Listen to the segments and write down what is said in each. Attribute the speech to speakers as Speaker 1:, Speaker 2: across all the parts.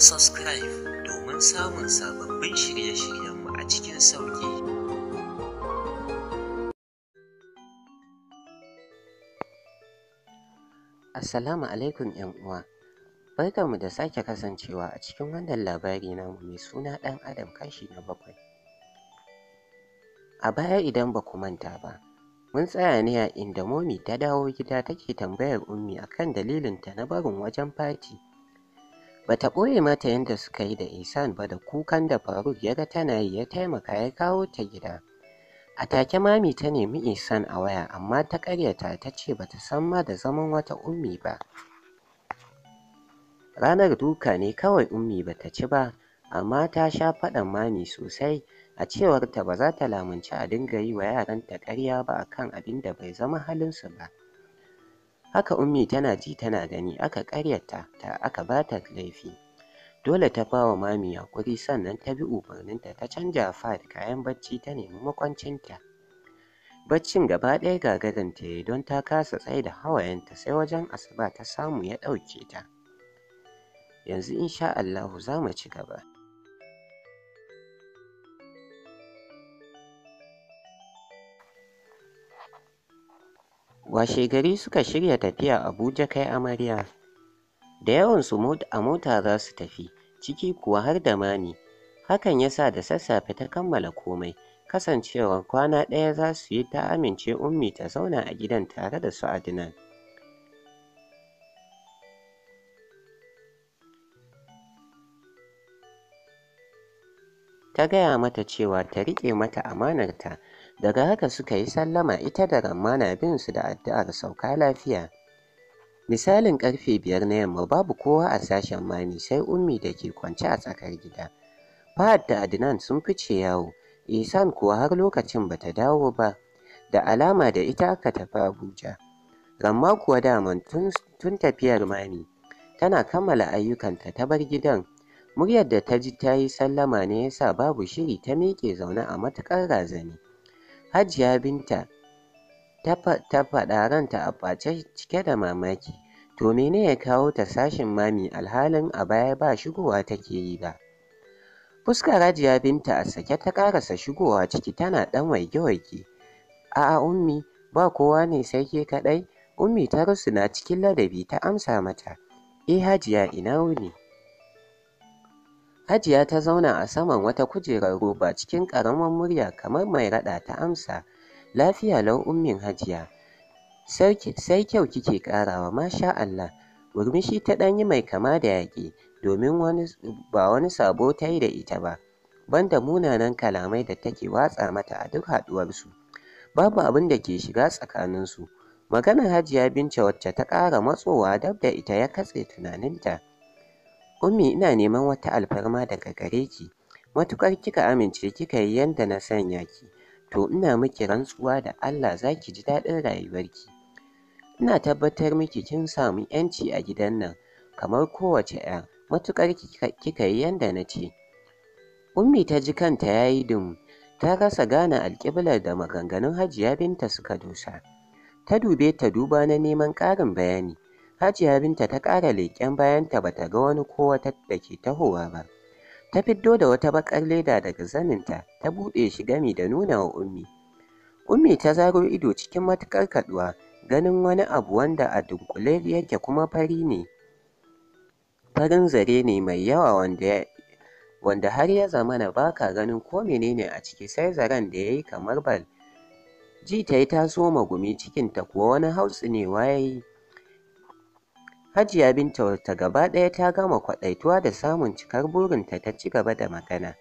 Speaker 1: subscribe domin samun sababbin shirye-shiryenmu a cikin sauƙi. Assalamu alaikum 'yan uwa. Barkanmu da sake kasancewa a cikin wannan labari namu mai suna ɗan adam kashi na bakwai. A baya idan ba ku manta ba, mun tsaya ne a inda momi ta dawo gida take tambayar ummi akan dalilinta na barin wajen fati. Bata ɓoye mata yadda suka yi da Ihsan ba da kukan da Faruk ya ga tana yi ya taimaka ya kawo ta gida. A take Mami ta nemi Ihsan a waya amma ta ƙaryata ta ce bata san ma da zaman wata Ummi ba. Ranar duka ne kawai Ummi bata ci ba, amma ta sha faɗan Mami sosai a cewarta ba za ta lamunci a dinga yi wa yaranta ƙarya ba akan abin da bai zama halinsu ba. Haka Ummi tana ji tana gani aka karyata ta aka bata laifi. Dole ta ba wa Mami haƙuri sannan ta bi umarninta ta canja fad kayan bacci ta nemi makwancinta. Baccin gaba ɗaya gagaranta ya yi don ta kasa tsaye da hawayenta sai wajen asuba ta samu ya ɗauke ta. Yanzu insha Allahu za mu ci gaba. Washe, gari suka shirya tafiya Abuja kai amarya. Da yawansu a mota za su tafi, ciki kuwa har da mani Hakan ya sa da sassafe ta kammala komai, kasancewa kwana ɗaya za su yi ta amince Ummi ta zauna a gidan tare da su Adinan. Ta gaya mata cewa ta riƙe mata amanarta daga haka suka yi sallama ita da ramma na bin su da addu'ar sauka lafiya misalin karfe biyar na yamma babu kowa a sashen mami sai ummi da ke kwance a tsakar gida fahad da adnan sun fice yawo ihsan kuwa har lokacin bata dawo ba da alama da ita aka tafi abuja ramma kuwa daman tun tafiyar mami tana kammala ayyukanta ta bar gidan muryar da ta ji ta yi sallama ne yasa babu shiri ta miƙe zaune a matuƙar razani Hajiya Binta ta faɗa ranta a ɓace cike da mamaki. To mene ya kawo ta sashin Mami alhalin a baya ba shigowa take yi ba? Fuskar Hajiya Binta a sake ta ƙarasa shigowa ciki tana ɗan waige-waige. A'a Ummi, ba kowa ne sai ke kaɗai? Ummi ta rusuna cikin ladabi ta amsa mata. Eh Hajiya ina wuni? Hajiya ta zauna a saman wata kujerar roba cikin ƙaramar murya kamar mai raɗa ta amsa, Lafiya lau Ummin Hajiya, sai kyau kike ƙarawa masha Allah. Murmushi ta ɗan yi mai kama da yaƙi, domin ba wani sabo ta yi da ita ba, banda munanan kalamai da take watsa mata a duk haɗuwarsu. Babu abin da ke shiga tsakaninsu. Maganar Hajiya Binta wacce ta ƙara matsowa dab da ita ya katse tunaninta. Ummi ina neman wata alfarma daga gare ki, matuƙar kika amince kika yi yanda na sanya ki, to ina miki rantsuwa da Allah za ki ji daɗin rayuwarki. Ina tabbatar miki kin samu 'yanci a gidan nan kamar kowace 'ya matuƙar kika yi yanda na ce. Ummi ta ji kanta ya yi dumi, ta rasa gane alƙiblar da maganganun Hajiya Binta suka dosa. Ta dube ta duba na neman ƙarin bayani. Hajiya Binta ta ƙara leƙen bayanta ba ta ga wani ko wata da ke tahowa ba. Ta fiddo da wata baƙar leda daga zaninta ta buɗe shi gami da nuna wa Ummi. Ummi ta zaro ido cikin matuƙar kaɗuwa ganin wani abu wanda a dunƙule yake kuma fari ne. Farin zare ne mai yawa wanda wanda har ya zamana ba ka ganin ko menene a ciki sai zaren da ya yi kamar bal. Ji ta yi ta soma gumi cikinta kuwa wani hautsinewa ya yi. Hajiya Binta wacce gaba ɗaya ta gama kwaɗaituwa da samun cikar burinta ta ci gaba da magana.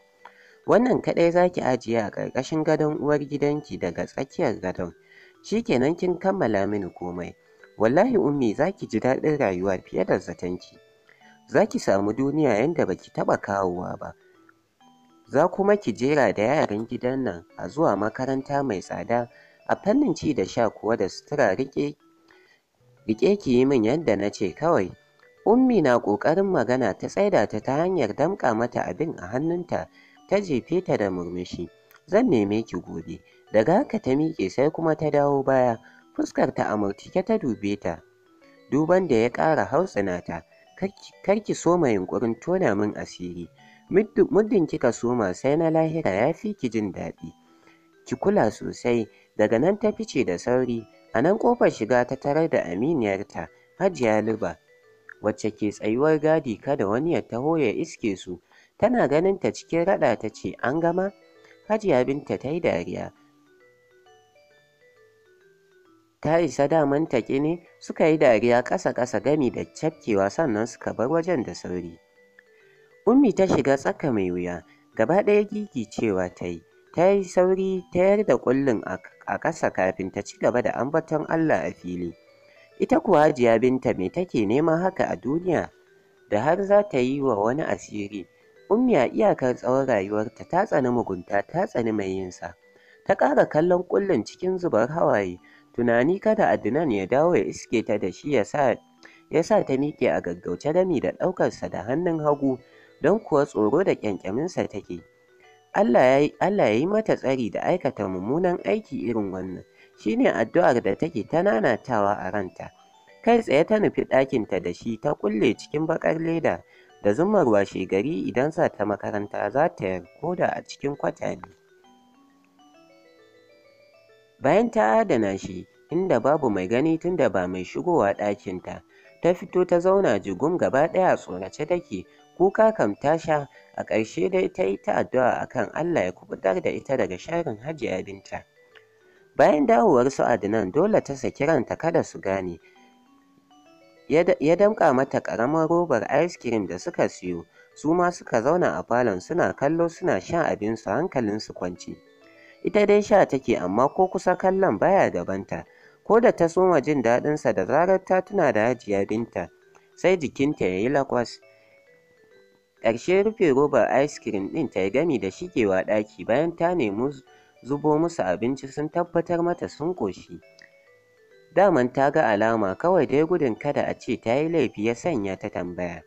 Speaker 1: Wannan kaɗai za ki ajiye a ƙarƙashin gadon Uwar gidanki daga tsakiyar gadon, shi kenan kin kammala mini komai. Wallahi Ummi za ki ji daɗin rayuwa fiye da zatonki. Za ki samu duniya yanda ba ki taɓa kawowa ba. Za kuma ki jera da yaran gidan nan a zuwa makaranta mai tsada, a fannin ci da sha kuwa da sutura riƙe riƙe ki yi min yadda na ce kawai. Ummi na ƙoƙarin magana ta tsaida ta ta hanyar damƙa mata abin a hannunta ta jefe ta da murmushi. Zan neme ki gobe. Daga haka ta miƙe sai kuma ta dawo baya. Fuskar ta a ta dube ta. Duban da ya ƙara hautsina ta. Kar ki soma yunƙurin tona min asiri. Muddin kika soma sai na lahira ya fi ki jin daɗi. Ki kula sosai. Daga nan ta fice da sauri. A nan ƙofar shiga ta tarar da aminiyarta Hajiya Luba, wacce ke tsayuwar gadi kada wani ya taho ya iske su, tana ganin ta cikin raɗa ta ce, An gama? Hajiya Binta ta yi dariya. Ta isa daman taƙi ne suka yi dariya ƙasa-ƙasa gami da cafkewa sannan suka bar wajen da sauri. Ummi ta shiga tsaka mai wuya, gaba ɗaya gigi cewa ta yi. Ta yi sauri ta yar da ƙullin a ƙasa kafin ta ci gaba da ambaton Allah a fili. Ita kuwa Hajiya Binta me take neman haka a duniya da har za ta yi wa wani asiri? Ummi iyakar tsawon rayuwarta ta tsani mugunta ta tsani mai yinsa. Ta ƙara kallon ƙullin cikin zubar hawaye, tunani kada Adnan ya dawo ya iske ta da shi ya sa ta miƙe a gaggauce rami da ɗaukarsa da hannun hagu don kuwa tsoro da ƙyanƙyaminsa take. Allah ya yi mata tsari da aikata mummunan aiki irin wannan, shi ne addu'ar da take ta nanatawa a ranta. Kai tsaye ta nufi ɗakinta da shi ta kulle cikin baƙar leda da zumar washe gari idan sa ta makaranta za ta yar ko da a cikin kwata ne. Bayan ta adana shi inda babu mai gani tunda ba mai shigowa ɗakinta, ta fito ta zauna jigum gaba ɗaya a tsorace take Kuka kam ta sha, a ƙarshe dai ta yi ta addu'a a kan Allah ya kuɓutar da ita daga sharrin Hajiya Binta. Bayan dawowar su Adnan dole ta saki ranta kada su gane. Ya damƙa mata ƙaramar robar ice cream da suka siyo, su ma suka zauna a falon suna kallo suna shan abinsu su kwanci Ita dai sha take amma ko kusa kallon baya gabanta, ko da ta soma jin daɗinsa da zarar ta tuna da Hajiya Binta, sai jikinta ya yi lakwas. ƙarshe rufe robar ice-cream ɗin ta yi gami da shigewa ɗaki bayan ta nemi zubo musu abinci sun tabbatar mata sun ƙoshi. Daman ta ga alama kawai dai gudun kada a ce ta yi laifi ya sanya ta tambaya.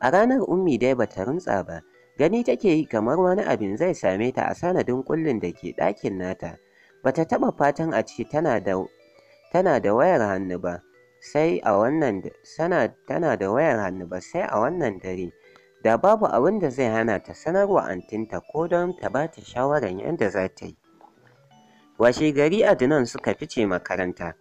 Speaker 1: A ranar Ummi dai ba ta runtsa ba, gani take yi kamar wani abin zai same ta a sanadin ƙullin da ke ɗakin nata. Ba ta taɓa fatan a ce tana da tana da wayar hannu ba sai a wannan dare. da babu abin da zai hana ta sanarwa antinta ko don ta ba ta shawarar yadda za ta yi. Washe gari Adnan suka fice makaranta.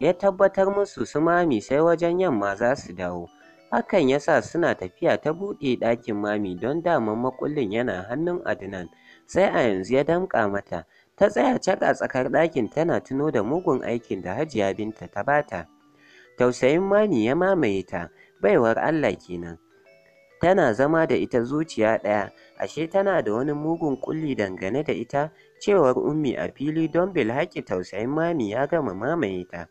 Speaker 1: Ya tabbatar musu su mami sai wajen yamma za su dawo. Hakan ya sa suna tafiya ta buɗe ɗakin mami don daman makullin yana hannun Adnan. Sai a yanzu ya damƙa mata. Ta tsaya cak a tsakar ɗakin tana tuno da mugun aikin da Hajiya Binta ta bata. Tausayin mami ya mamaye ta, baiwar Allah kenan. tana zama da ita zuciya ɗaya, ashe tana da wani mugun ƙulli dangane da ita, cewar Ummi a fili don bilhaƙi tausayin Mami ya gama mamaye ta.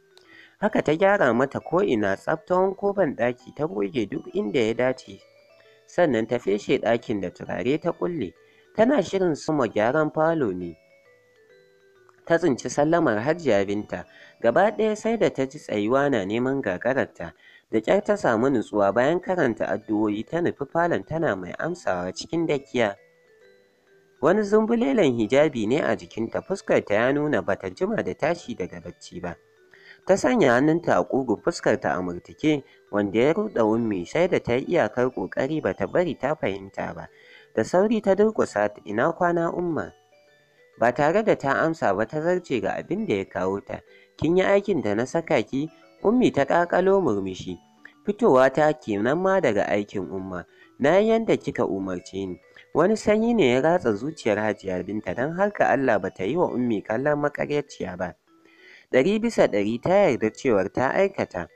Speaker 1: Haka ta gyara mata ko ina tsaftawan ko banɗaki ta goge duk inda ya dace, sannan ta feshe ɗakin da turare ta ƙulle. Tana shirin suma gyaran falo ne. ta tsinci sallamar Hajiya Binta, gaba ɗaya sai da ta ji tsayuwa na neman gagararta, Da ƙyar ta samu nutsuwa bayan karanta addu'o'i ta nufi falon tana mai amsawa cikin dakiya. Wani zumbulelen hijabi ne a jikinta fuskarta ya nuna bata jima da tashi daga bacci ba. Ta sanya hannunta a ƙugu fuskarta a murtuke wanda ya ruɗa wummi sai da ta yi iyakar ƙoƙari ba ta bari ta fahimta ba. Da sauri ta durƙusa ina kwana umma. Ba tare da ta amsa ba ta zarce ga abin da ya kawo ta. Kin yi aikin da na saka ki Ummi ta ƙaƙalo murmushi. Fitowa ta kenan ma daga aikin Umma, na yi yadda kika umarce ni. Wani sanyi ne ya ratsa zuciyar Hajiya Binta don har ka Allah ba ta yi wa Ummi kallon makaryaciya ba. Ɗari bisa ɗari ta yarda cewar ta aikata.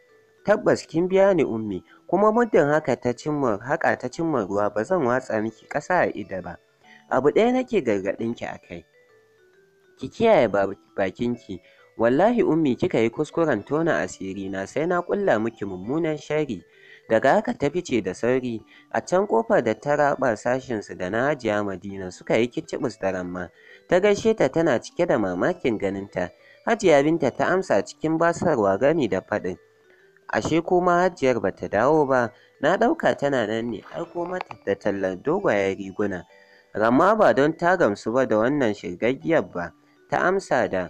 Speaker 1: Tabbas kin biya ni Ummi, kuma muddin haka ta cimma haka ta cimma ruwa ba zan watsa miki ƙasa a ido ba. Abu ɗaya nake gargaɗin ki a kai. Ki kiyaye bakinki Wallahi Ummi kika yi kuskuren tona asiri na sai na kulla miki mummunan shari. Daga haka ta fice da sauri, a can ƙofar da ta raɓa sashinsu da na Hajiya Madina suka yi kicibis da ramma. Ta gaishe ta tana cike da mamakin ganinta. Hajiya Binta ta amsa cikin basarwa gami da faɗin. Ashe kuma Hajiyar ba ta dawo ba, na ɗauka tana nan ne aiko mata da tallar dogayen riguna. Ramma ba don ta gamsu ba da wannan shirgaggiyar ba, ta amsa da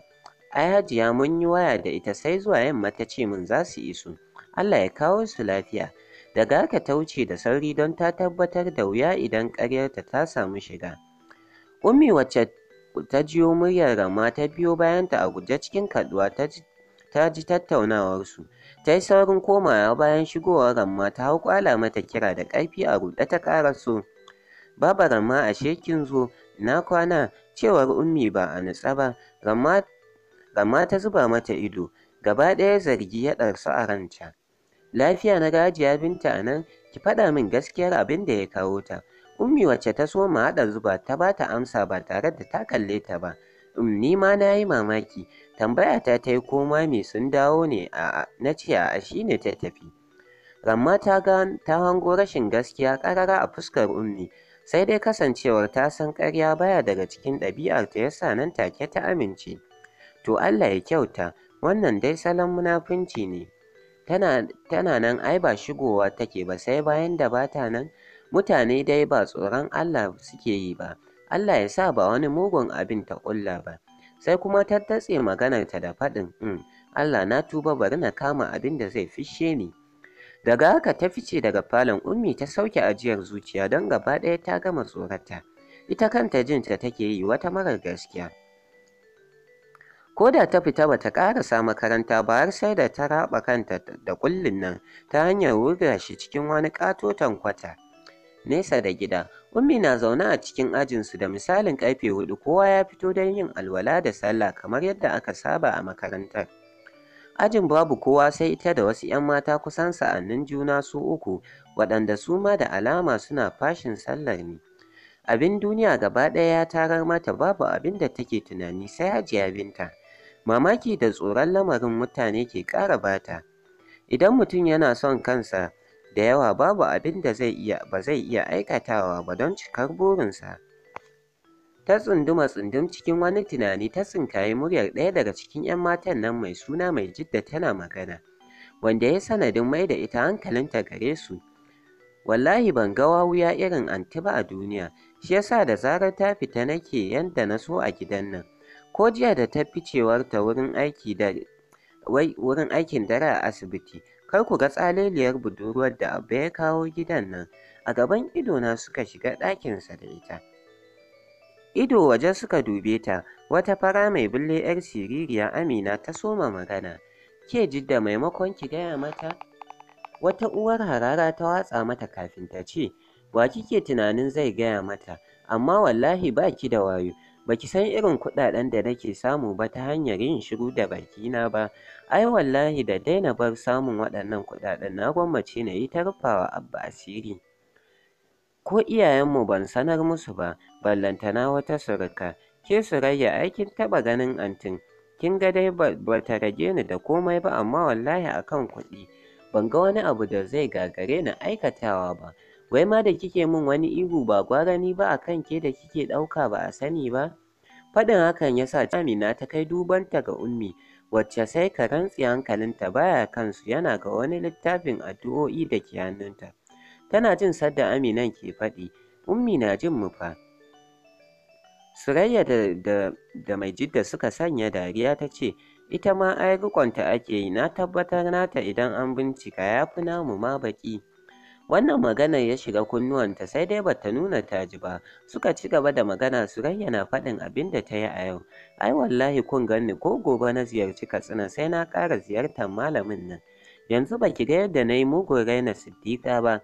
Speaker 1: a ya mun yi waya da ita sai zuwa yamma ta ce min za su iso, Allah ya kawo su lafiya. Daga haka ta wuce da sauri don ta tabbatar da wuya idan ƙaryarta ta samu shiga. Ummi wacce ta jiyo muryar Ramma ta biyo bayanta a guje cikin kaduwa ta ji tattaunawar su, Ta yi saurin komawa bayan shigowar Ramma ta hau kwala mata kira da ƙarfi a ruɗe ta ƙara so. Baba Ramma ashe kin zo, na kwana, cewar Ummi ba a nutsa ba. Ramma amma ta zuba mata ido, gaba ɗaya zargi ya ɗarsu a ranta. Lafiya na gajiya Binta a nan, ki faɗa min gaskiyar abin da ya kawo ta. Ummi wacce ta so ma haɗa zuba ta ba ta amsa ba tare da ta kalle ta ba. Umm, ni ma na yi mamaki, tambaya ta ta yi koma mai sun dawo ne a na ce a shi ne ta tafi. Ramma ta ga ta hango rashin gaskiya ƙarara a fuskar Ummi, sai dai kasancewar ta san karya baya daga cikin ɗabi'ar ta yasa nan take ta amince. to Allah ya kyauta wannan dai salon munafunci ne tana, nan ai ba shigowa take ba sai bayan da ba ta nan mutane dai ba tsoron Allah suke yi ba Allah ya sa ba wani mugun abin ta ƙulla ba sai kuma ta datse maganarta da faɗin in mm, Allah na tuba bari na kama abin da zai fishe ni daga haka ta fice daga falon ummi ta sauke ajiyar zuciya don gaba ɗaya ta gama tsorata ita kanta jinta take yi wata marar gaskiya Ko da ta fita bata ta ƙarasa makaranta ba har sai da ta raba kanta da kullun nan ta hanyar wurga shi cikin wani ƙatoton kwata. Nesa da gida, Ummi na zaune a cikin ajinsu da misalin ƙarfe hudu kowa ya fito don yin alwala da sallah kamar yadda aka saba a makarantar. Ajin babu kowa sai ita da wasu 'yan mata kusan sa'annin juna su uku waɗanda su ma da alama suna fashin sallar ne. Abin duniya gaba ɗaya ya tarar mata babu abin da take tunani sai hajiya binta. mamaki da tsoron lamarin mutane ke ƙara bata. Idan mutum yana son kansa da yawa babu abin da zai iya ba zai iya aikatawa ba don cikar burinsa. Ta tsunduma tsundum cikin wani tunani ta tsinkayi muryar ɗaya daga cikin 'yan matan nan mai suna mai jidda tana magana, wanda ya sanadin mai da ita hankalinta gare su. Wallahi ban ga wawuya irin anti ba a duniya, shi yasa da zarar ta fita nake yanda na so a gidan nan. Ko jiya da ta ficewar wurin wurin aikin dare a asibiti, kar ku ga tsaleliyar budurwar da abu ya kawo gidan nan, a gaban idona suka shiga ɗakinsa da ita. Ido waje suka dube ta, wata fara mai bulle 'yar siririya Amina ta soma magana. Ke Jidda maimakon ki gaya mata? Wata uwar harara ta watsa mata kafin ta ce, wa kike tunanin zai gaya mata, amma wallahi ba ki da wayo, ba ki san irin kuɗaɗen da nake samu ba ta hanyar yin shiru da bakina ba ai wallahi da daina bar samun waɗannan kuɗaɗen na gwammace na yi ta rufawa abba asiri ko iyayenmu ban sanar musu ba ballantana wata suruka ke surayya ai kin taɓa ganin antin kin ga dai ba ta rage ni da komai ba amma wallahi akan kuɗi ban ga wani abu da zai gagare ni aikatawa ba wai ma da kike min wani ihu ba gwarani ba ba kan ke da kike ɗauka ba a sani ba faɗin hakan ya sa Amina ta kai dubanta ga Ummi wacce sai ka rantse hankalinta baya kansu yana ga wani littafin addu'o'i da ke hannunta tana jin sadda Aminan ke faɗi Ummi na jin mu fa Surayya da, da, da mai jidda suka sanya dariya ta ce ita ma ai riƙonta ake yi na tabbatar nata idan an bincika ya fi namu ma baƙi Wannan maganar ya shiga kunnuwanta sai dai bata nuna taji ba, suka ci gaba da magana Surayya na faɗin abin da ta yi a yau. Ai wallahi kun ganni ko gobe na ziyarci Katsina sai na ƙara ziyartar malamin nan. Yanzu ba ki ga yadda na yi mugun raina Siddiƙa ba.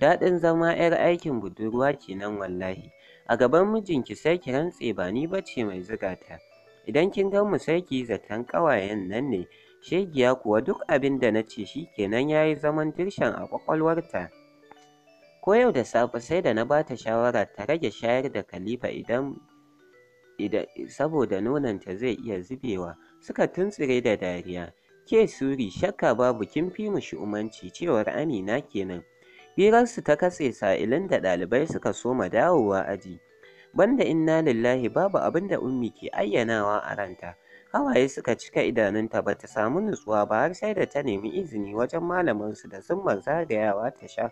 Speaker 1: Daɗin zama 'yar aikin budurwa kenan wallahi. A gaban mijinki sai ki rantse ba ni ba mai zuga ta. Idan kin gan mu sai ki yi zaton ƙawayen nan ne. Shegiya kuwa duk abin da na ce shi kenan ya yi zaman dirshan a ƙwaƙwalwarta. Ko yau da safe sai da na ba ta shawara ta rage shayar da Khalifa idan saboda nononta zai iya zubewa, suka tuntsire da dariya. Ke Suri shakka babu kin fi mu shi'umanci cewar Amina kenan. Hirarsu ta katse sa'ilin da ɗalibai suka soma dawowa aji. Banda inna lillahi babu abin da Ummi ke ayyanawa a ranta. Hawaye suka cika idanunta ba ta samu nutsuwa ba har sai da ta nemi izini wajen malaminsu da zumar zagayawa ta sha.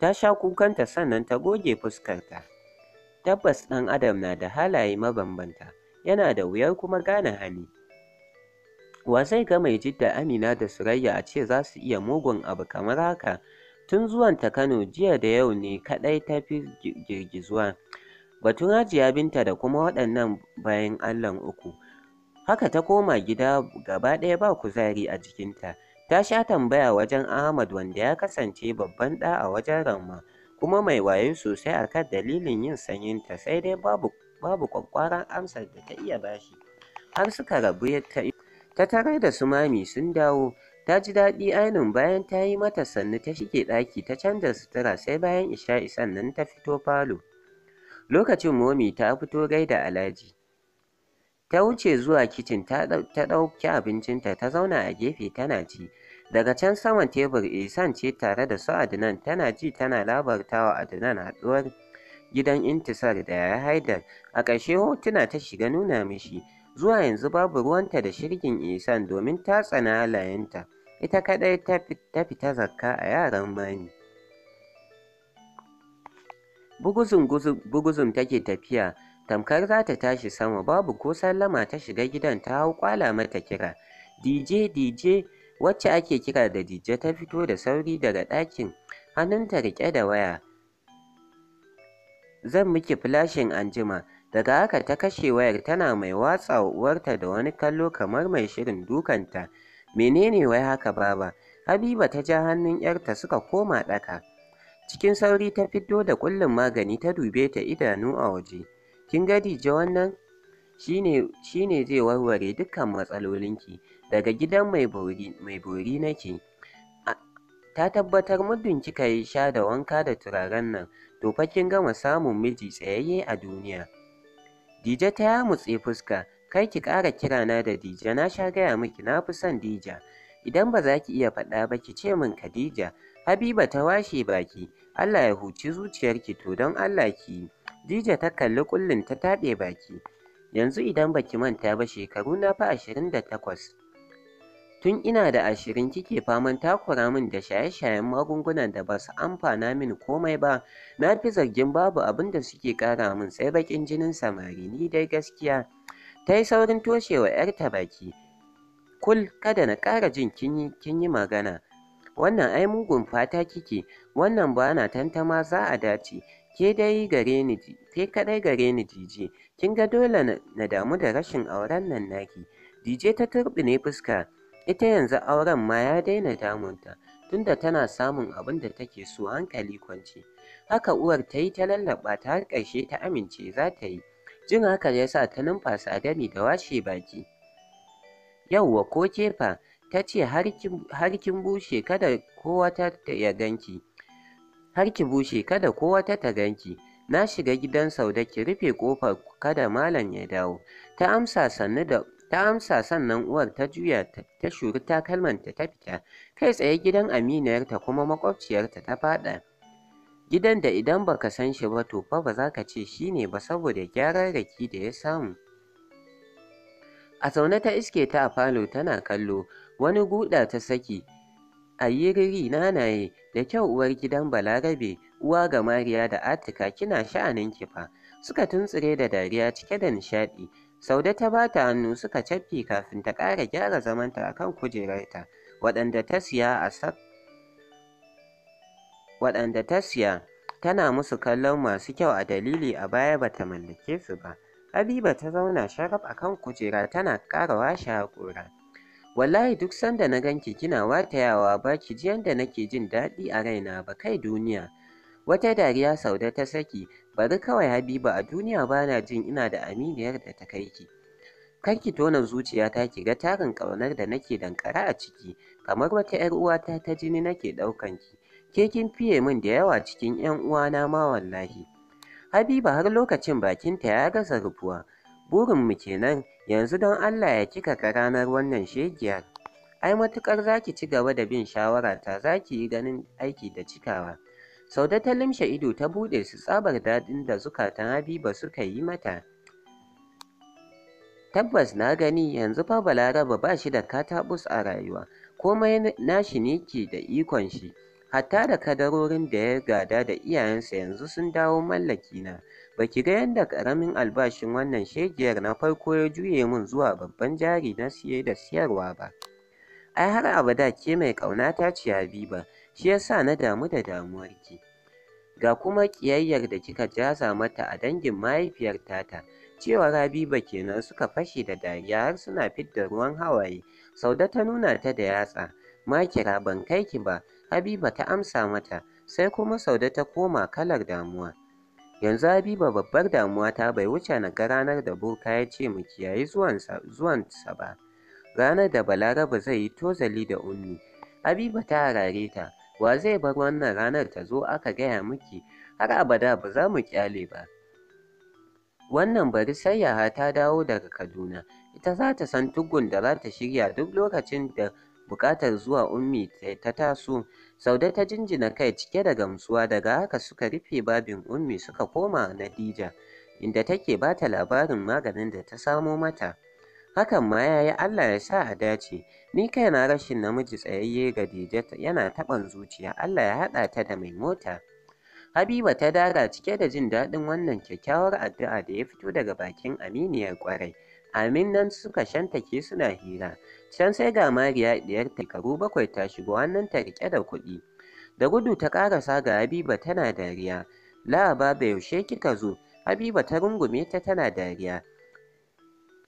Speaker 1: Ta sha kukanta sannan ta goge fuskarta. Tabbas ɗan Adam na da halaye mabambanta, yana da wuyar kuma gane hali. Wa zai ga mai jidda Amina da Surayya a ce za su iya mugun abu kamar haka? Tun zuwanta Kano jiya da yau ne kaɗai ta fi girgizuwa. Batun Hajiya Binta da kuma waɗannan bayan allah uku. Haka ta koma gida gaba ɗaya ba kuzari a jikinta. Ta sha tambaya wajen Ahmad wanda ya kasance babban ɗa a wajen Ramma kuma mai waye sosai a kan dalilin yin sanyinta sai dai babu babu ƙwaƙƙwaran amsar da ta iya bashi. Har suka rabu ta tarar da su mami sun dawo ta ji daɗi ainun bayan ta yi mata sannu ta shige ɗaki ta canza sutura sai bayan isha'i sannan ta fito falo. Lokacin momi ta fito gaida Alhaji. Ta wuce zuwa kicin ta ɗauki abincinta ta zauna a gefe tana ci. Daga can saman tebur isan ce tare da su Adnan tana ji tana labarta wa Adnan haɗuwar gidan Intisar da ya Haidar. A ƙarshe hotuna ta shiga nuna mishi. Zuwa yanzu babu ruwanta da shirgin isan domin ta tsana halayenta. Ita kaɗai ta fita zakka a yaran mani. Buguzum take tafiya. Tamkar za ta tashi sama babu ko sallama ta shiga gidan ta hau kwala mata kira, Dije Dije wacce ake kira da dj ta fito da sauri daga ɗakin hannunta rike da waya. Zan miki filashin anjima. Daga haka ta kashe wayar tana mai watsa uwarta da wani kallo kamar mai shirin dukanta. Menene wai haka baba? Habiba ta ja hannun ‘yarta suka koma ɗaka. Cikin sauri ta fito da kullum magani ta dube ta idanu a waje. Kin ga Dije wannan? shine ne zai warware dukkan matsalolinki. Daga gidan mai bori nake. Ta tabbatar muddin kika yi sha da wanka da turaren nan, to fa kin gama samun miji tsayayye a duniya. Dije ta mutse fuska, kai ki ƙara kirana da Dije, na sha gaya miki na fi son Dija. Idan ba za ki iya faɗa ba ki ce min Khadija, Habiba ta washe baki, Allah ya huci zuciyarki to don Allah ki yi. Dija ta kalli ƙullin ta taɗe baki. Yanzu idan baki manta ba shekaru na fa ashirin da takwas. Tun ina da ashirin kike faman takura min da shaye-shayen magungunan da ba su amfana min komai ba, na fi zargin babu abin da suke ƙara min sai baƙin jinin samari ni dai gaskiya. Ta yi saurin toshewa 'yarta baki. Kul kada na ƙara jin kin yi magana. Wannan ai mugun fata kike, wannan ba na tantama za a dace, Ke dai gare ni ke kaɗai gare ni dije, kin ga dole na damu da rashin auren nan naki. Dije ta turbine fuska, ita yanzu auren ma ya daina damunta, tunda tana samun abin da take so hankali kwance. Haka uwar ta yi ta lallaɓa ta har ƙarshe ta amince za ta yi. Jin haka ya sa ta numfasa gami da washe baki. Yauwa ko ke fa, ta ce har kin bushe kada kowa ta ya ganki. har ki bushe kada kowa ta ganki na shiga gidan sauda ki rufe kofar kada malam ya dawo ta amsa sannu da ta amsa sannan uwar ta juya ta shuri takalmanta ta fita kai tsaye gidan aminiyarta kuma makwabciyarta ta faɗa gidan da idan baka san shi ba to fa ba za ka ce shi ne ba saboda gyaran raki da ya samu a zaune ta iske ta a falo tana kallo wani guda ta saki A Ayyiriri nanaye, da kyau uwar gidan Balarabe, uwa ga Mariya da Atika kina sha'anin kifa, suka tuntsire da dariya cike da nishaɗi. Saude ta ba ta hannu suka cafke kafin ta ƙara gyara zamanta a kan kujerarta, waɗanda ta siya waɗanda ta siya tana musu kallon masu kyau a dalili a baya ba ta mallake su ba. Habiba ta zauna sharaf a kan kujera tana ƙara washe haƙora. Wallahi duk sanda na ganki kina watayawa ba ki ji yanda nake jin daɗi a raina ba kai duniya. Wata dariya Saude ta saki, bari kawai Habiba a duniya bana jin ina da aminiyar da ta kai ki. Kar ki tona zuciyata ki ga tarin ƙaunar da nake dankara a ciki, kamar wata 'yar uwata ta jini nake ɗaukan ki. Ke kin fiye min da yawa cikin 'yan uwana ma wallahi. Habiba har lokacin bakinta ya gaza rufuwa. burinmu kenan yanzu don Allah ya kika ka ranar wannan shegiyar. Ai matuƙar za ki ci gaba da bin shawarata za ki yi ganin aiki da cikawa. Saude ta limshe ido ta buɗe su tsabar daɗin da zukatan Habiba suka yi mata. Tabbas na gani yanzu fa Balaraba ba shi da katabus a rayuwa, komai nashi ne ke da ikon shi, hatta da kadarorin da ya gada da iyayensa yanzu sun dawo mallaki na. Ba ki ga yadda ƙaramin albashin wannan shegiyar na farko ya juye min zuwa babban jari na siye da siyarwa ba. Ai har abada ke mai ƙauna ta ce Habiba, shi ya sa na damu da damuwar ki. Ga kuma ƙiyayyar da kika jaza mata a dangin mahaifiyar tata, cewa Habiba kenan suka fashe da dariya har suna fidda ruwan hawaye. Sauda ta nuna ta da yatsa, makira ban kai ki ba, Habiba ta amsa mata, sai kuma Sauda ta koma kalar damuwa. Yanzu Habiba babbar damuwata bai wuce na ga ranar da boka ya ce mu kiyayi zuwansa ba, ranar da Balarabe zai yi tozali da Ummi. Habiba ta harare ta, wa zai bar wannan ranar ta zo aka gaya miki, har abada ba za mu kyale ba. Wannan bari sai Yaha ta dawo daga Kaduna, ita za ta san tugun da za ta shirya duk lokacin da buƙatar zuwa Ummi ta taso, Saude ta jinjina kai cike da gamsuwa daga haka suka rufe babin Ummi suka koma Nadija, inda take ba ta labarin maganin da ta samo mata. Hakan ma ya yi Allah ya sa a dace, ni kaina rashin namiji tsayayye ga Dija yana taɓan zuciya, Allah ya haɗa ta da mai mota. Habiba ta dara cike da jin daɗin wannan kyakkyawar addu'a da ya fito daga bakin aminiyar ƙwarai. Amin nan suka shantake suna hira. Can sai ga Mariya ɗiyar shekaru bakwai ta shigo ta riƙe da kuɗi. Da gudu ta ƙarasa ga Habiba tana dariya. La'aba da yaushe kika zo? Habiba ta rungume ta tana dariya.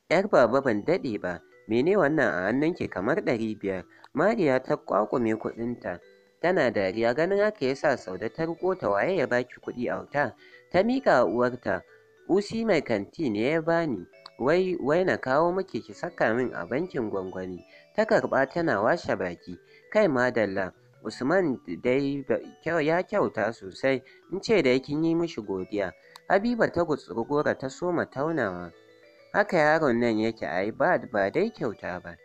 Speaker 1: ‘Yar baba ban daɗe ba, mene wannan a hannunki kamar ɗari biyar? Mariya ta ƙwaƙume kuɗinta. Tana dariya ganin haka ya sa Saude ta riko ta waye ya baki kuɗi a auta? Ta miƙa a uwarta, usi mai kanti ne ya bani. wai wai na kawo miki ki saka min a bankin gwangwani ta karɓa tana washe baki kai ma madalla Usman dai ya kyauta sosai in ce da kin yi mishi godiya Habiba ta goro ta soma taunawa haka yaron nan yake ai ba ba dai kyauta ba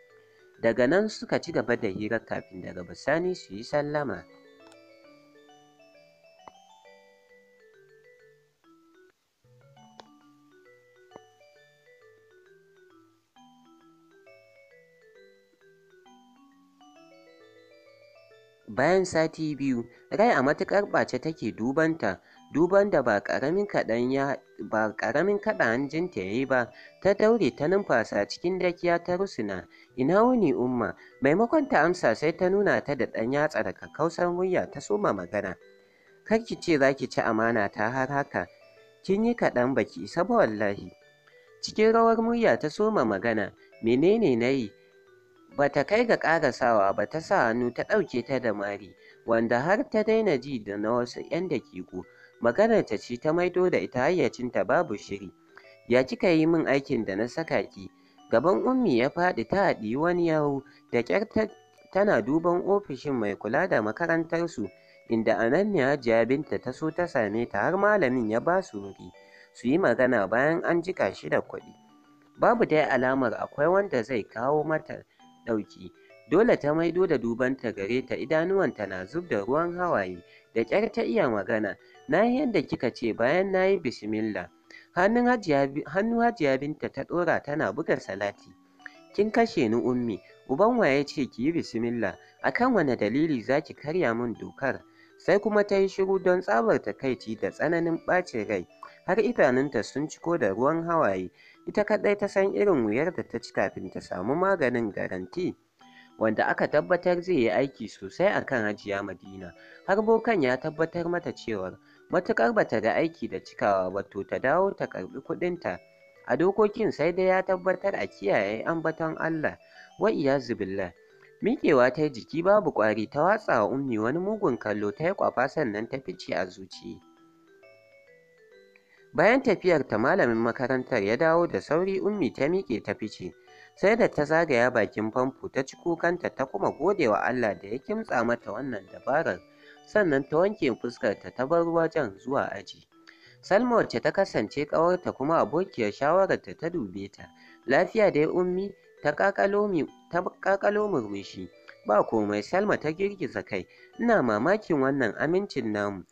Speaker 1: daga nan suka ci gaba da hirar kafin daga bisani su yi sallama Bayan sati biyu, rai a matuƙar ɓace take dubanta, duban da ba ƙaramin kaɗa hanjinta ya yi ba, ta daure ta numfasa cikin dakiya ta rusuna, ina wuni Umma, maimakon ta amsa sai ta nuna ta da ɗan yatsa da kakkausar murya ta soma magana. Kar ki ce za ki ci amana ta har haka, kin yi kaɗan baki isa wallahi. Cikin rawar murya ta soma magana, menene nayi? ba ta kai ga ƙarasawa ba ta sa hannu ta ɗauke ta da mari wanda har ta daina ji da na wasu 'yan dakiku maganar ta ce ta maido da ita hayyacinta babu shiri ya kika yi min aikin da na saka ki gaban ummi ya faɗi ta haɗi wani yawo, da ƙyar tana duban ofishin mai kula da makarantarsu inda a nan ne hajiya binta ta so ta same ta har malamin ya ba su wuri su yi magana bayan an jika shi da kuɗi babu dai alamar akwai wanda zai kawo mata ɗauki. Dole ta maido da dubanta gare ta idanuwanta na zub da ruwan hawaye, da ƙyar ta iya magana, na yi yadda kika ce bayan na yi bismillah. Hannun hajiya binta ta ɗora tana buga salati. Kin kashe ni ummi, uban ya ce ki yi bismillah, akan wane dalili za ki karya min dokar? Sai kuma ta yi shiru don tsabar takaici da tsananin ɓacin rai, har idanunta sun ciko da ruwan hawaye, ita kaɗai ta san irin wuyar da ta ci kafin ta samu maganin garanti wanda aka tabbatar zai yi aiki sosai a kan hajiya madina har bokan ya tabbatar mata cewar matuƙar bata da aiki da cikawa ba to ta dawo ta karɓi kuɗinta a dokokin sai dai ya tabbatar a kiyaye ambaton allah wa iyazu billah miƙewa ta jiki babu ƙwari ta watsa wa ummi wani mugun kallo ta yi ƙwafa sannan ta fice a zuciya Bayan tafiyarta malamin makarantar ya dawo da sauri Ummi ta miƙe ta fice, sai da ta zagaya bakin famfo ta ci kukanta ta kuma gode wa Allah da ya kimtsa mata wannan dabarar, sannan ta wanke fuskarta ta bar wajen zuwa aji. Salma wacce ta kasance ƙawarta kuma abokiyar shawararta ta dube ta, lafiya dai Ummi ta ƙaƙalo murmushi, ba komai Salma ta girgiza kai, ina mamakin wannan amincin namu.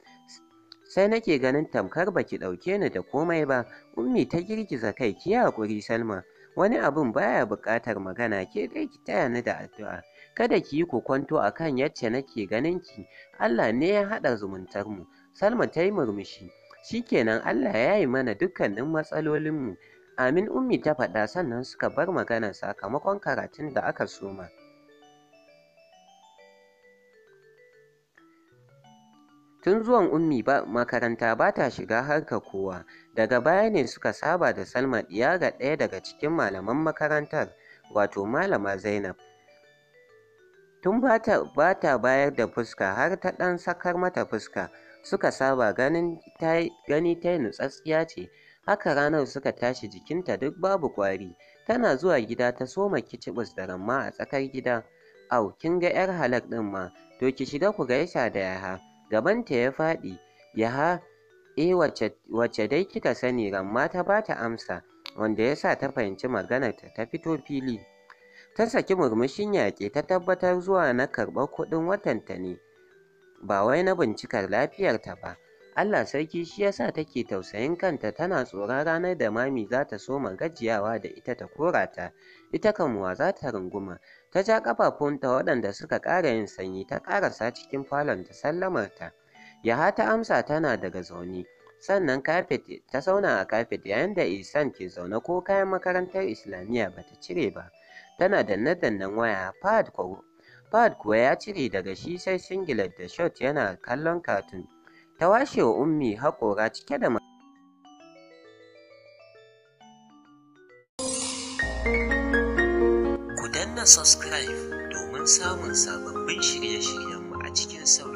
Speaker 1: sai nake ganin tamkar baki ɗauke ni da komai ba ummi ta girgiza kai ki hakuri salma wani abun baya buƙatar magana ke dai ki taya ni da addu'a kada ki yi kokwanto akan yacce nake ganin ki Allah ne ya haɗa zumuntar mu salma ta yi murmushi shikenan Allah ya yi mana dukkanin mu amin ummi ta faɗa sannan suka bar magana sakamakon karatun da aka soma. Tun zuwan Ummi makaranta ba ta shiga harka kowa, daga baya ne suka saba da Salma ga ɗaya daga cikin malaman makarantar, wato Malama Zainab. Tun ba ta bayar da fuska har ta ɗan sakar mata fuska, suka saba gani ta yi nutsatsiya ce, haka ranar suka tashi jikinta duk babu ƙwari, tana zuwa gida ta soma kicibus da ramma a tsakar gida. Au, kin ga 'yar halak ɗin ma, to ki shiga ku gaisa da Yaha. Gabanta ya faɗi. Yahaya eh E wacce dai kika sani Ramma ta ba ta amsa, wanda ya sa ta fahimci maganarta ta ta fito fili. Ta saki murmushin yaƙi ta tabbatar zuwa na karɓar kuɗin watan ta ne, ba wai na bincikar ta ba. Allah sarki shi ya sa take tausayin kanta tana tsoron ranar da mami za ta so gajiyawa da ita ta kora ita kam wa za ta runguma, Ta ja ƙafafunta waɗanda suka ƙara yin sanyi ta ƙarasa cikin falon da sallamarta. Yaha ta amsa tana daga zaune. Sannan kafet ta zauna a kafet yayin da Isan ke zaune ko kayan makarantar Islamiyya bata cire ba. Tana danne-dannen waya fad kuwa kuwa ya cire daga shi sai singlet da shot yana kallon katun. Ta washe wa Ummi haƙora cike da subscribe domin samun sababbin shirye-shiryenmu a cikin sauri.